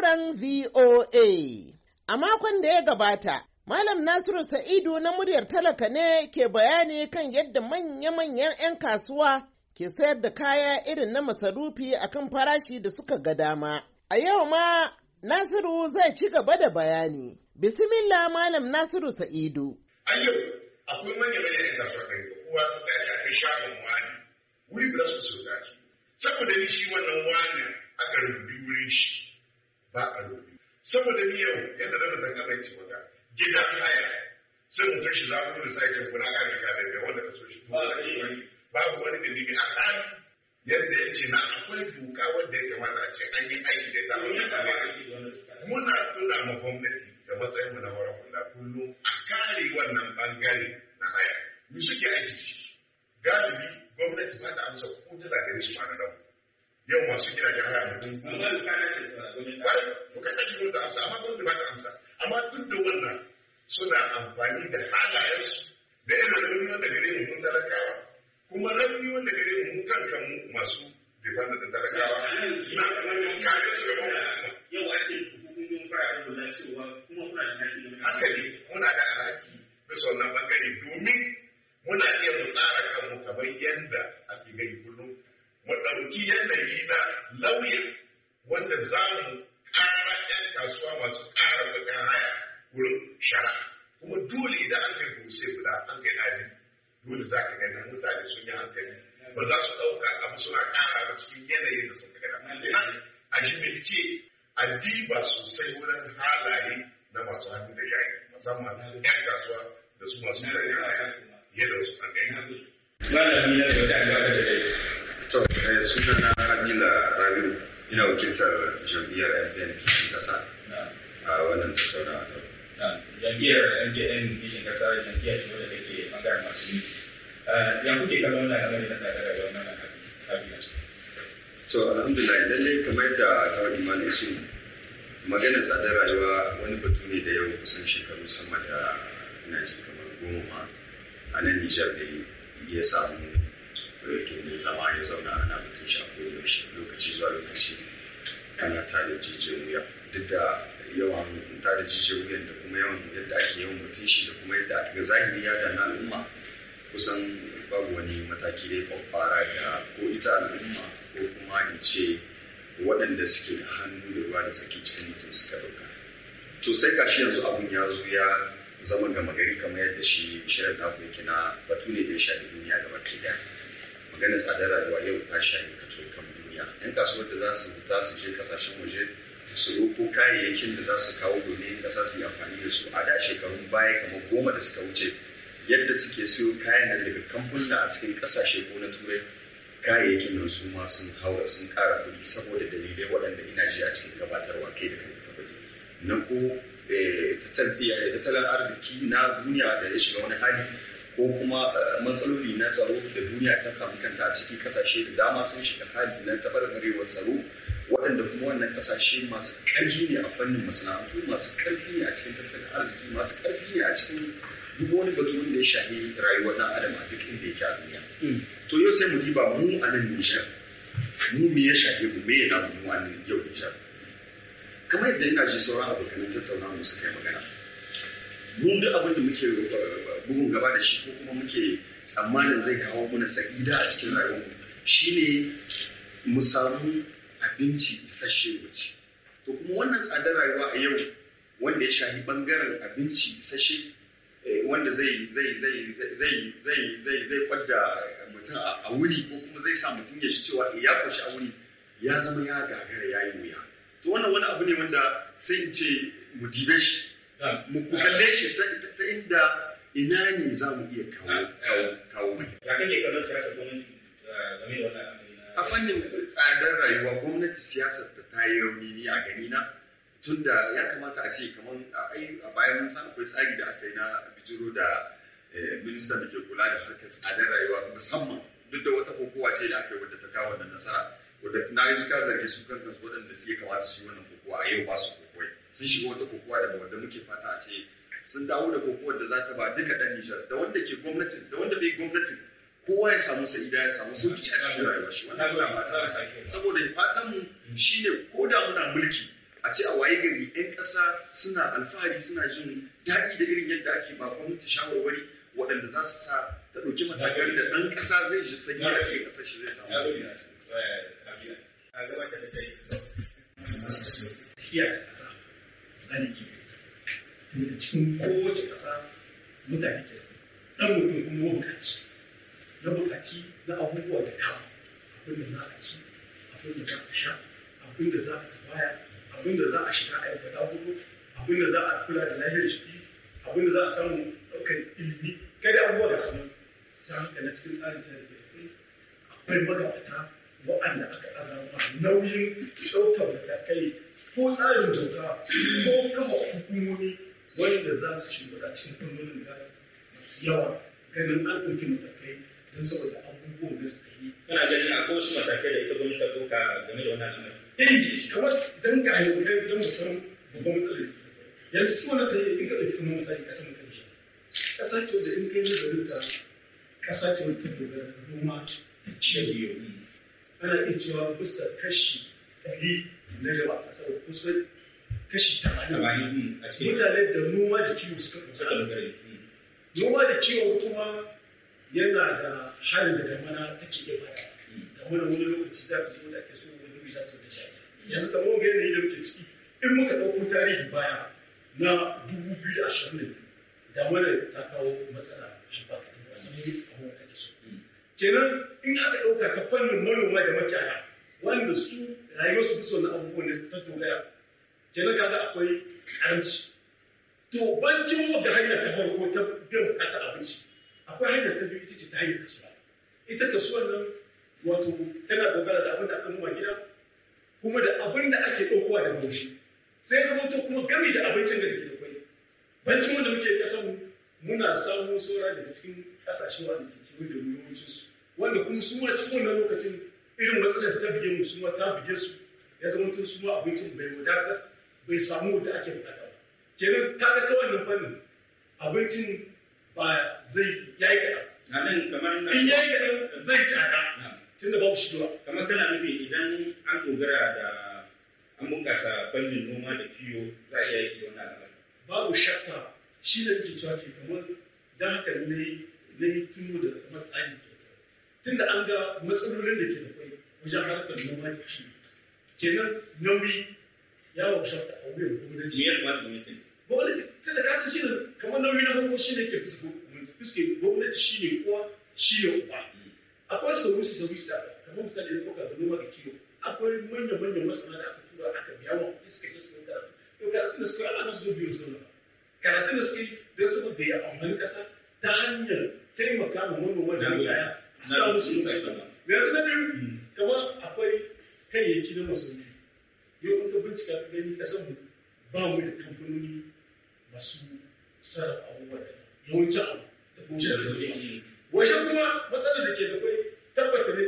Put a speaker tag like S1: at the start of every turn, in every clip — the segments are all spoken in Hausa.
S1: zauren VOA. A makon da ya gabata, Malam Nasiru Sa'idu na muryar talaka ne ke bayani kan yadda manya-manyan 'yan kasuwa ke sayar da kaya irin na masarufi akan farashi da suka ga dama. A yau ma Nasiru zai ci gaba da bayani. Bismillah Malam Nasiru Sa'idu.
S2: Ayyau, akwai manya-manyan 'yan kasuwa kai kowa su tsaya akwai shagon wani, wuri ba su so Saboda shi wannan wani aka rubuta wurin shi. ba a roƙi saboda ni yau yadda na mutan gaba ci maka gida haya sai mu tashi za mu da sai kuna ka da ka da wanda ka so shi babu wani bibi a kan yadda ya ce na akwai duka wanda ya kamata a ce an yi aiki da ta wani muna tuna ma gwamnati da matsayin na wara kula kullum a kare wannan bangare na haya mu suke aiki galibi gwamnati ba ta amsa ko ta da rishin ma na yau masu gidajen haya mutum other sosai wurin halaye na masu hannu da yaƙi musamman 'yan kasuwa da su masu da yaƙi fiye da wasu ɓangare.
S3: Malami na da ta gaba da dai. To, eh, suna na Habila Rabiu ina wakiltar jam'iyyar MPN kishin ƙasa a wannan tattaunawa ta. Jam'iyyar MPN kishin ƙasa jam'iyyar shi wadda take ɓangaren masu yi. Eh, ya kuke kallon na kamar yana tsada daga wannan Habila? To, alhamdulillah lallai kamar yadda kawai imanin su maganar tsadar rayuwa wani batu ne da yau kusan shekaru sama da ina ji kamar goma a nan nijar da ya samu mai eh, zama ya zauna ana mutum shi a lokaci zuwa lokaci ana tare jijiyar wuya duk da yawan tare jijiyar wuyan da kuma yawan yadda ake yawan mutum shi da kuma yadda ga zahiri ya dana al'umma kusan babu wani mataki da ya fara da ko ita al'umma ko kuma in ce waɗanda suke da hannu da ruwa da suke cikin mutum suka ɗauka to sai shi yanzu abun ya zo ya zama gama gari kamar yadda shi shirin na yake na batu ne da ya shafi duniya gaba ke da maganar tsadar rayuwa yau ta shafi kan duniya yan kasuwar da za su fita su je kasashen waje su roko kayayyakin da za su kawo domin kasa su yi amfani da su a da shekarun baya kamar goma da suka wuce yadda suke siyo kayan daga kamfanin a cikin kasashe ko na turai kayayyakin nan su ma sun haura sun kara kuɗi saboda dalilai waɗanda ina ji a cikin gabatarwa kai da kan kuɗi na ko eh, eh, tattalin arziki na duniya da ya shiga wani hali ko kuma eh, matsaloli na tsaro da duniya ta samu kanta a cikin kasashe da dama sun shiga hali na taɓarɓarewar tsaro waɗanda kuma wannan kasashe masu ƙarfi ne a fannin masana'antu masu ƙarfi ne a cikin tattalin arziki masu ƙarfi ne a cikin duk wani batu wanda ya shafi rayuwar ɗan adam a duk inda ya yake a duniya mm. to yau sai mu diba mu a nan Nijar mu me ya shafe mu me ya mu a nan yau Nijar kamar yadda ina ji sauran abokan tattauna mu suka yi magana mu duk abin da muke eh, bugun gaba da shi ko kuma muke tsammanin zai kawo mana sa'ida a cikin rayuwar mu shine mu samu abinci isasshe mu to kuma wannan tsadar rayuwa a yau wanda ya shafi bangaren abinci isasshe Eh, wanda zai zai zai zai zai zai zai kwadda mutum a wuri ko kuma zai sa mutum ya shi cewa eh, ya kwashi a wuni ya zama ya gagara ya yi wuya to wannan wani abu ne wanda sai in ce mu dibe shi mu kalle shi ta inda ina ne za mu iya kawo kawo mai ya kake kallon siyasar gwamnati eh, game da wannan a fannin tsadar rayuwa gwamnati siyasar ta yi rauni ne a gani na tunda ya kamata a ce kamar a bayan mun san akwai tsari da aka yi na bijiro da eh, minista da ke kula da harkar tsadar rayuwa musamman duk da wata kokowa ce da aka yi wadda ta kawo wannan nasara wadda na yi ka zargi su kan kansu waɗanda su ya kamata su yi wannan kokowa a yau ba su kokowai sun shiga wata kokowa da wadda muke fata a ce sun dawo da kokowar da za ta ba duka ɗan Nijar da wanda ke gwamnatin da wanda bai gwamnatin kowa ya samu sa'ida ya samu sauki a cikin rayuwar shi wannan ba ta saboda fatan mu shine ko da muna mulki a ce a waye gari 'yan ƙasa suna alfahari suna jin daɗi da irin yadda ake ba gwamnati shawarwari waɗanda za su sa ta ɗauki matakan da ɗan ƙasa zai ji sanyi a cikin ƙasar shi zai samu sanyi a cikin
S2: ƙasa. Tafiya da ƙasa tsari
S3: ke da cikin kowace ƙasa mutane ke ɗan mutum kuma mabukaci na bukaci na abubuwa da dama
S1: abin da za a ci abin da za a sha abin da za a baya abin da za a shiga a ta gudu abin da za a kula da lafiyar jiki abin da za a samu ɗaukar ilimi kai da abubuwa su ta haka na cikin tsarin ta da akwai magabata wa'anda aka azama nauyin ɗaukar matakai ko tsarin doka ko kama hukumomi wanda za su shiga cikin fannonin da masu yawa ganin an ɗauki matakai don saboda abubuwan da suka yi kana ganin akwai shi matake da ita gwamnati ko ka game da wannan al'amari eh kamar dan ga yau kai don mu san babban matsalar yanzu cikin wannan tayi in ka ɗauki kuma misali ƙasar mu kanshi ƙasa ce wadda in kai nazarin ta ƙasa ce wadda ta dogara noma da yau ana iya cewa bisa kashi ɗari na jama'a ƙasar kusan kashi tamanin mm, mutane da noma da kiwo suka dogara mm. noma da kiwo kuma yana da halin da damana take da baya damana wani lokaci za ta zo da ake so wani lokaci za ta da shayi yanzu kamar wanga yanayi da muke ciki in muka ɗauko tarihi baya na dubu biyu da ashirin damana ta kawo matsala shi ba kaɗan ba samun yin abin ake so kenan in aka ɗauka ta fannin manoma da makiyaya wanda su rayuwar su bisa wannan abubuwan da ta dogara kenan kaga akwai karamci to bancin wanda hanya ta farko ta bin bukatar abinci akwai hanyar ta biyu ita ce ta hanyar kasuwa ita kasuwar nan wato tana dogara da abin da aka noma gida kuma da abin da ake ɗaukowa da bauchi sai zama to kuma gami da abincin da ke da kwai bancin wanda muke kasan muna samu saura daga cikin ƙasashen wanda ke kewa da yawancin su wanda kuma su ma cikin wannan lokacin irin matsalar ta bige mu su ma ta bige su ya zama to su ma abincin bai wadatar bai samu da ake buƙata ba kenan ga ta wannan fannin abincin ba zai ya yi kaɗan. amin kamar na. In ya yi kaɗan zai tsada. Tunda babu shi duwa. Kamar kana nufin idan an dogara da an bunƙasa fannin noma da kiwo za a iya yi wannan al'amari. Babu shakka shi ne nake cewa ke kamar da haka ne na yi tuno da kamar tsari ke Tunda an ga matsalolin da ke da kwai wajen harkar noma da kiwo. Kenan nauyi ya wa shakka a wuyan gwamnati. Me ya kamata gwamnati? gwamnati ta da kasa shi ne kamar nauyi na farko shi ne ke fuske gwamnati shi ne kuwa shi ne uba akwai saurusi saurusi da kamar misali na kuka da noma da kiwo akwai manya-manyan masana da aka tura aka biya wa kuɗi suka je suka karatu to karatun da suka yi ana su biyu suna karatun da suka yi don saboda ya amfani kasa ta hanyar taimaka ma manoma da kaya a sa musu yin yanzu na biyu hmm. kamar akwai kayayyaki na masauki yau in bincika ka gani ƙasar mu ba mu da kamfanoni masu sarrafa abubuwan yawancin abu da kuma shi wajen kuma matsalar da ke da kwai tabbata ne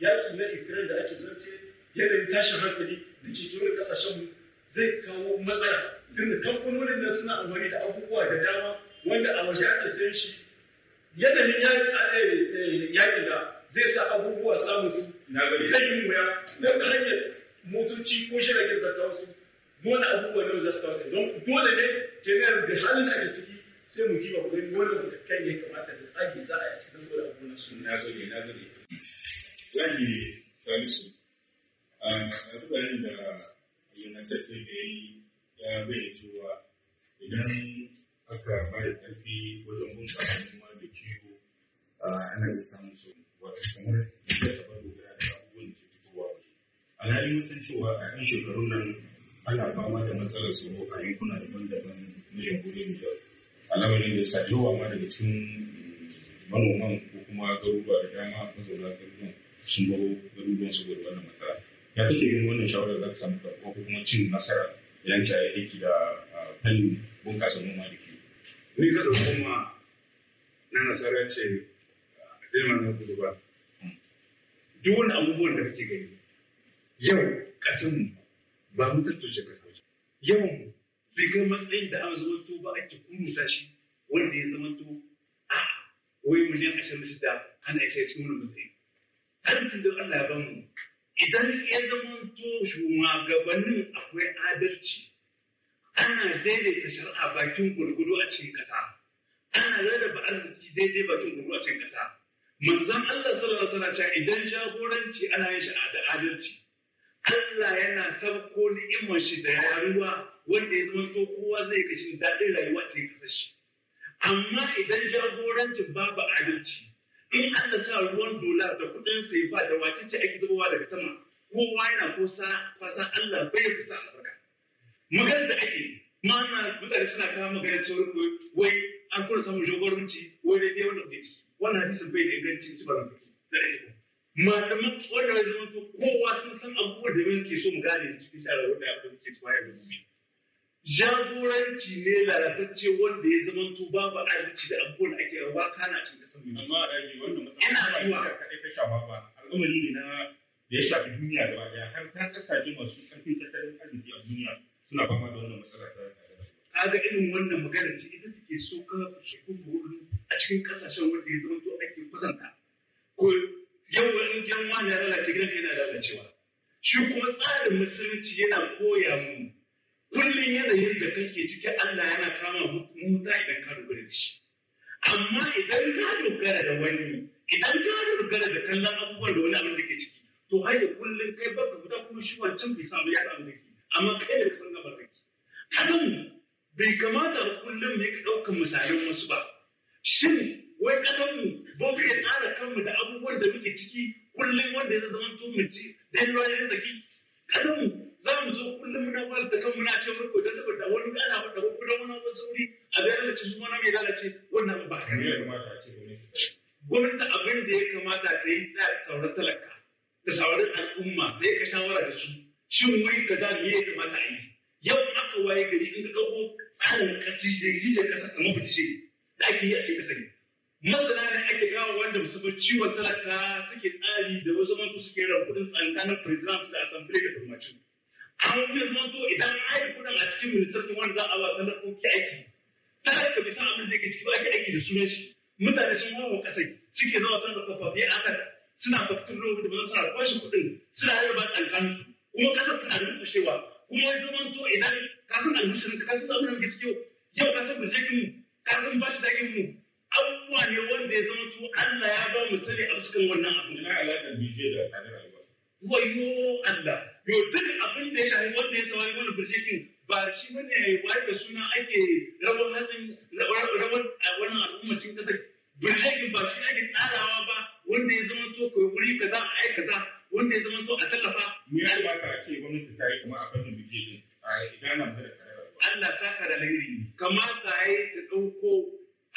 S1: yaki na ukraine da ake zance yanayin tashin hankali da ke kasashen kasashenmu zai kawo matsala tunda kamfanonin nan suna amfani da abubuwa da dama wanda a waje ake sayan shi yanayin eh, eh, yaƙi da zai sa abubuwa samun su zai yi wuya na hanyar motoci ko shiragen zakawa su dole abubuwa ne za su kawo don dole ne kenan da halin da ake ciki sai mu kiba ku gani wannan da kan ya kamata da tsagi za a yi cikin saboda na su na zo ne na zo ne zagi salisu ah, a zubarin da unicef
S2: ne da ya yi ya bayyana cewa idan aka ba da ƙarfi wajen bunƙasa noma da kiwo ah, ana iya samun su wato kamar da ta bado da abubuwan da ke fitowa alhali mun san cewa a 'yan shekarun nan ana fama da matsalar tsoro a yankuna daban-daban miliyan goma da a al'amarin da sa yawa ma daga cikin manoman ko kuma garuruwa da dama mazauna garuruwan sun baro garuruwan saboda wannan matsala ya kake ganin wannan shawarar za ta samu karɓuwa ko kuma cin nasara idan ta yi aiki da fannin bunƙasa noma da ke ni ka ɗauki ma
S1: na nasara ce a jirman na kudu ba hmm. duk wani abubuwan da kake gani yau ƙasanmu ba mu tattace ƙasa yawan daga matsayin da an zama to ba ake kuruta shi wanda ya zama to a wai miliyan ashirin da shida ana ishe cikin wani matsayi harkin da Allah ya ba idan ya zama to shugabannin akwai adalci ana daidaita shari'a bakin gurguru a cikin kasa ana rarraba arziki daidai bakin gurguru a cikin ƙasa manzon Allah sallallahu alaihi wasallam idan jagoranci ana yin shi da adalci Allah yana sauko ni'imar shi da yaruwa wanda ya zama to kowa zai ga shi daɗin rayuwa ce kasa shi amma idan jagorancin babu adalci in Allah sa ruwan dola da kuɗin sai ba da ce ake zubawa daga sama kowa yana kusa fasa Allah bai kusa albarka magar da ake ma'ana mutane suna kawo magana cewa wai an kuna samun jagoranci wai dai wannan ke ciki wannan hadisin bai da inganci ci da ɗaya malaman wannan zama kowa sun san abubuwan da muke so mu gane cikin shara wanda abin da ke tuwa ya rubuce jagoranci ne lalatacce wanda ya zamanto babu arziki da abubuwan da ake rawa kana cikin kasar mu amma a daji wannan zuwa kadai ta shafa ba al'amari ne na
S2: da ya shafi duniya gaba daya har ta kasashe masu ƙarfin tattalin arziki a duniya suna fama da wannan matsala ta
S1: kaga irin wannan magana ce kake ciki Allah yana kama muta idan ka dogara da shi amma idan ka dogara da wani idan ka dogara da kallon abubuwan da wani abin da ke ciki to har ya kullum kai baka fita kuma shi wancan bai samu ya samu dake amma kai da kasan gabar kake kasan bai kamata kullum ne ka ɗaukar misalan wasu ba shin wai kasan mu ba ka iya tsara kanmu da abubuwan da muke ciki kullum wanda ya zama to mu ci dai ruwa ya zaki kasan mu za mu zo kullum muna kwalta kan muna ce muku da saboda wani ana faɗa ko kuma wani wani sauri a ga lalace su ma na mai lalace wannan ba ka ne gwamnati abin da ya kamata ta yi ta sauran talaka da sauran al'umma ta ka shawara da su shin wuri kaza me ya kamata a yi yau aka waye gari in ka ɗauko tsarin ƙarfi da jijiyar kasa kamar ba ce da ake yi a cikin ƙasa masana ne ake kawo wanda musamman ciwon talaka suke tsari da wasu mantu suke ran kudin tsankanin president da assembly da turmacin Amma zai zama to idan an yi kuɗin a cikin ministan wanda za a ba talakoki aiki. Talaka bisa abin da yake ciki ba ake aiki da sunan shi. Mutane sun hawa kasai suke zama sanar da kwafafi a kan suna fakitin rohu da suna kwashe kuɗin suna yi ba alfansu. Kuma kasar tana rukushewa. Kuma ya zama to idan ka san albishirin ka san abin da yake ciki yau ka san burjekin mu ka san bashi dakin mu abubuwa ne wanda ya zama to Allah ya ba mu sani a cikin wannan abu. Ina alaƙar bidiyo da tsadar albasa. Wayo Allah. yo duk abin da ya shafi wanda ya sawa wani burjiki ba shi yi wai da suna ake rabon hatsin rabon wannan al'ummacin kasar burjikin ba shi ake tsarawa ba wanda ya zama to kai wuri kaza a ai kaza wanda ya zama to a tallafa me ya ba a ce gwamnati ta yi kuma a fannin burjikin a idan nan da Allah saka da lairi kamata ya yi ta ɗauko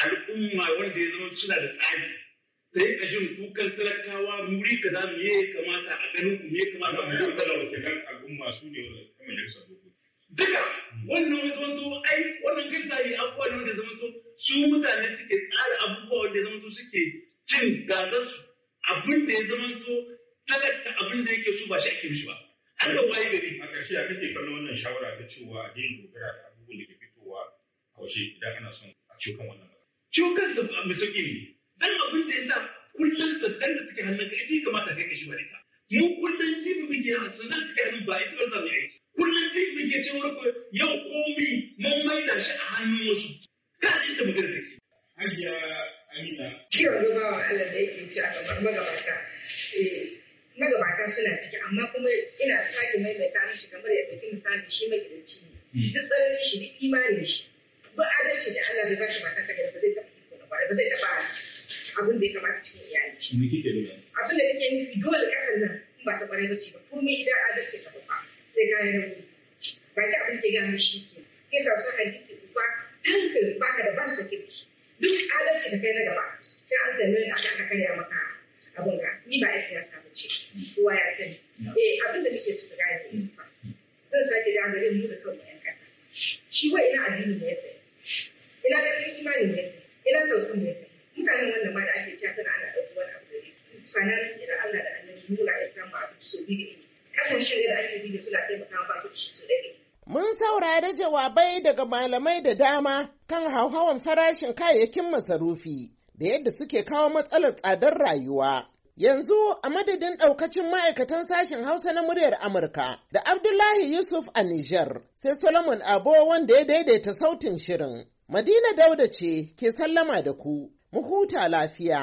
S1: al'umma wanda ya zama suna da tsari sai a jin kukan talakawa muri ka za mu yi kamata a ganin ku me kamata mu yi kala wata kan al'umma su ne majalisar dokoki. Duka wannan wani zamanto ai wannan kai sa yi abubuwa ne wanda zamanto su mutane suke tsara abubuwa wanda zamanto suke cin gazar su abin da ya zamanto talaka abin da yake su ba shi ake mishi ba. An ga waye gari. A ƙarshe a kake kallon wannan shawara ta cewa a yin dogara da abubuwan da ke fitowa a waje idan ana son a ciwo kan wannan matsala. Ciwo kan ta mai sauƙi ne. dan abin da yasa kullun dan da take hannun ka ita ya kamata kai kashi bare ta mu kullun jibi muke sandan take hannun ba ita ba mu yi kullun jibi muke cewa ko yau komi mun da shi a hannun wasu ka ji ta magana take hajiya amina kira ba Allah da yake ci a gaban magabata eh, magabata suna ciki amma kuma ina sake maimaita shi kamar ya kin misali shi magidanci ne hmm. duk tsananin shi duk imanin shi ba adalci da Allah bai ba shi mata ta gari ba zai taɓa ba zai taɓa abin da ya kamata cikin iyali. Me kike nuna? Abin da kake nufi dole kasar nan in ba ta kwarai ba ce ba komai idan adalci ka fa sai ka yi rauni. Ba ta abin da ya gano shi ke. Yasa so hadisi uba tanka ba ka da ba ka kirki. Duk adalci da kai na gaba sai an tambaye da aka karya maka abin ka.
S3: Ni ba a siyasa ba ce.
S1: Kowa ya sani. Eh abin da nake so ka gane su ba Zan sake da gare mu da kanmu 'yan ƙasa. Shi wa ina addini ne ya tsaye. Ina da imani ne ya tsaye. Ina tausan ne ya tsaye. ma da ake tana ana wani abu da su Allah da annabi nuna ya san ba su bi da kasance da ake bi suna taimaka ba su su Mun saurari jawabai daga malamai da dama kan hauhawan farashin kayayyakin masarufi da yadda suke kawo matsalar tsadar rayuwa. Yanzu a madadin ɗaukacin ma'aikatan sashen Hausa na muryar Amurka da Abdullahi Yusuf a Nijar sai Solomon Abo wanda ya daidaita sautin shirin. Madina Dauda ce ke sallama da ku. mu huta lafiya.